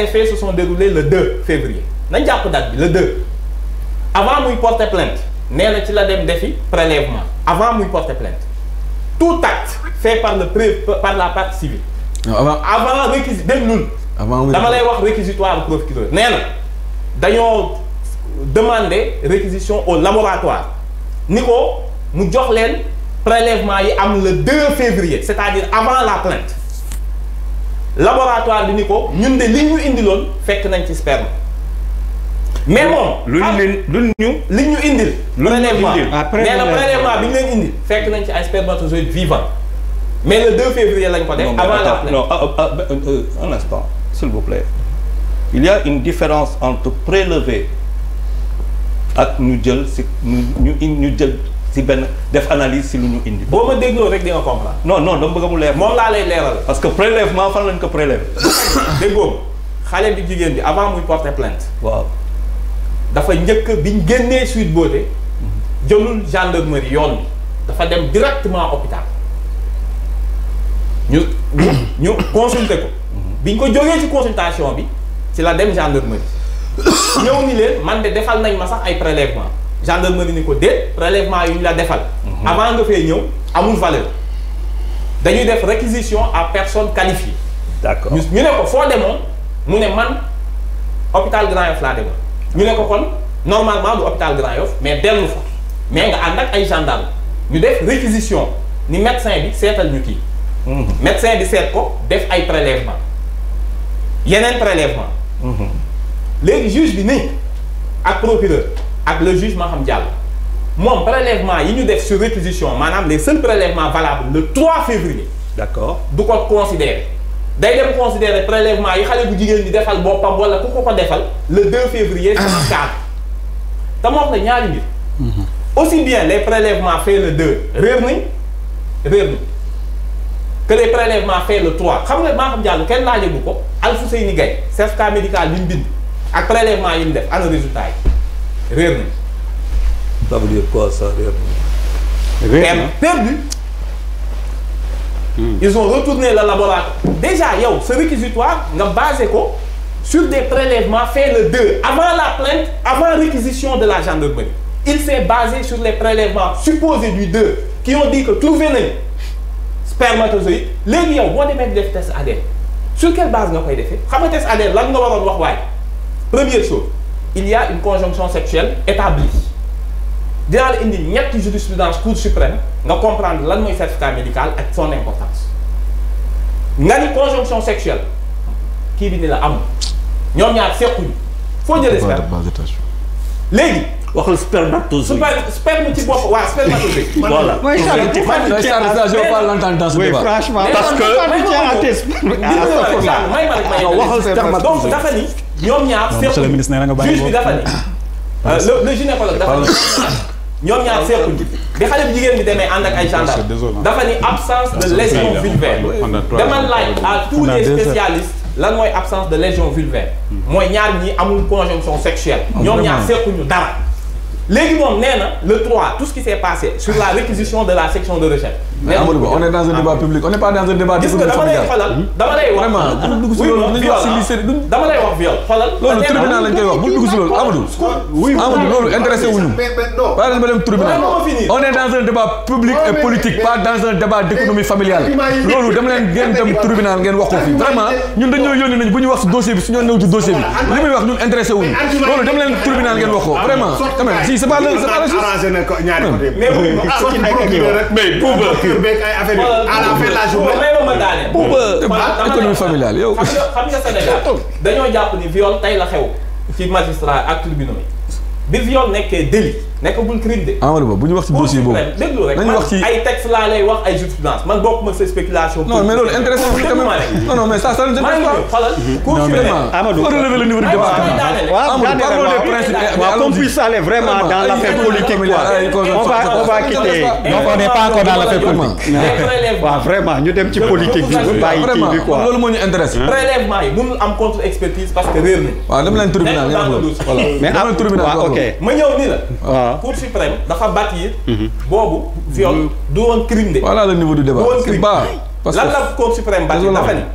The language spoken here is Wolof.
les faits se sont déroulés le 2 février nañ jàpp dal bi la 2 avant muy porter plainte nee na ci la dem defi prélèvement avant muy porter plainte tout acte fait par le pré par la partie civile. avant avant réquisi dem ñun. avant dama lay wax réquisitoire procureur nee na dañoo demande réquisition au laboratoire ni ko mu jox leen prélèvement yi am le 2 février c'est-à-dire avant la plainte. laboratoire bi ni ko ñun de li ñu indiloon fekk nañ ci sperme. mais moom lu ñu ah, leen lu ñu. li ñu indil. prélèvement nee ah, na prélèvement bi ñu leen indil. fekk nañ ci ay spermatozoïde vivant mais le 2 février lañ ko def. avant la non ah, euh, un instant s'il vous plaît. il y a une différence entre prélever ak ñu jël si ñu ñu ñu jël. si benn def analyse si lu ñu indi. boo ma dégloo rek di nga comprendre. non non dama bëgg mu leer. moom laa lay leeral. parce que prélèvement fan lañ ko prélevé. déggoo xale bi jigéen bi avant muy porter plainte. waaw dafa njëkk bi ñu génnee Sweet Beauté mhm. jëlul gendarmerie yoon bi dafa dem directement hôpital ñu ñu consulter ko. Mhm. bi ñu ko jógee ci consultation bi ci la dem gendarmerie. ñëw ni leen man de defal nañ ma sax ay prélèvement gendarmerie ni ko déet prélèvement yu ñu la defal. Mhm. avant nga fee ñëw amul valeur. dañuy def réquisition à personne qualifiée. d'accord ñu ne ko foo demoon mu ne man hôpital Grand Yoff laa demoon. ñu ne ko kon normalement du hôpital Grand Yoff mais dellu fa mais nga ànd ak ay gendarme ñu def réquisition ni médecin bi seetal ñu kii. Mhm. médecin bi seet ko def ay prélèvement yeneen prélèvement mhm. léegi juge bi ni ak procureur. ak le juge Maham Diallo moom prélèvement yi ñu def sur réquisition maanaam les seuls prélèvements valables le 3 février. d'accord du ko considérer day dem considérer prélèvement yi xale bu jigéen ñi defal boppam wala ku ko ko defal le 2 février. sama cadre te moom na ñaari mbir. Mhm. aussi bien les prélèvements faits le 2 réer nañ réer nañ que les prélèvements faits le 3 xam nga maa xam jàll kenn laajagu ko Alfousseyni Gaye certificat médical bi mu bind ak prélèvement yi mu def ana réer nañ. ça veut dire quoi ça réer nañ. réer nañ perdu. Hmm. ils ont retourné le laboratoire. déjà yow sa réquisitoire nga basé ko sur des prélèvements faits le 2 avant la plainte avant réquisition de la gendarmerie. il s'est basé sur les prélèvements supposés du 2 qui ont dit que trouvé nañ spermatozoïde léegi yow boo demee def test ADN sur quelle base nga koy defee xam nga test ADN lan nga waroon wax waaye première chose. il y a une conjonction sexuelle établie dinaa la indi ñetti jurisprudence cour suprême nga comprendre lan mooy certificat médical ak son importance nga ni conjonction sexuelle kii bi ni la am ñoom ñaar sequñu foo jëlee sperme léegi waxal spermatozoïde. sperme sperme ci bopp waaw spermatozoïde. voilà mooy franchement parce que. waxal spermatozoïde donc dafa ni. ñoom ñaar monsieur le ministre nee na nga bàyyi juge bi dafa ni. le le gynécologue dafa ni ñoom ñaar seeku ji. bi xale bi jigéen bi demee ànd ak ay gendarme dafa ni absence de lésion vulvaire. dama laaj à tous les spécialistes. lan mooy absence de lésion vulvaire. mooy ñaar ñi amul conjonction sexuelle. ñoom ñaar seeku ñu dara. léegi moom nee le 3 tout ce qui s'est passé sur la réquisition de la section de recherche. Amadou Ba on est dans ah. hmm? wax. si loolu loolu ah. tribunal lañ koy wax buñ dugg si loolu Amadou. Amadou loolu intéressé wuñu. ba dem ba dem tribunal. on est dem leen ngeen wax ko fi vraiment ñun dañoo yónni nañ bu ñu wax si dossier bi su ñoo ñëw ci dossier bi li muy wax ñun intéressé wuñu loolu dem leen tribunal ngeen wax ko vraiment quand c'est pas le arrangé na ko ñaari côté mais ay économie familiale yow xam nga Sénégal dañoo jàpp ni viol tey la xew ci magistrat ak tribunaux yi bi viol nekkee délit nekkagul crime de. Amadou Ba bu ñu wax ci dossier boobu. déglu rek nañu wax ci ay textes laa lay wax ay jurisprudence man bokk ma sa spéculation. non mais loolu intéressant non non mais ça ça ne pas. non mais Amadou. le niveau du débat. waaw waaw qu'on puisse aller vraiment dans l'affaire politique quoi. on va on va quitter. donc on n'est pas encore dans l'affaire politique. waaw vraiment ñu dem ci politique bi. bàyyi kii bi quoi loolu moo ñu intéresse. prélèvement yi mënul am contre expertise parce que réer na. waaw dem leen tribunal voilà mais am tribunal ok ma ñëw nii la. cour suprême dafa bâtir. boobu viol mm-hmm. du woon crime de. voilà le niveau du débat. du woon crime lan la cour suprême bâtir dafa ni.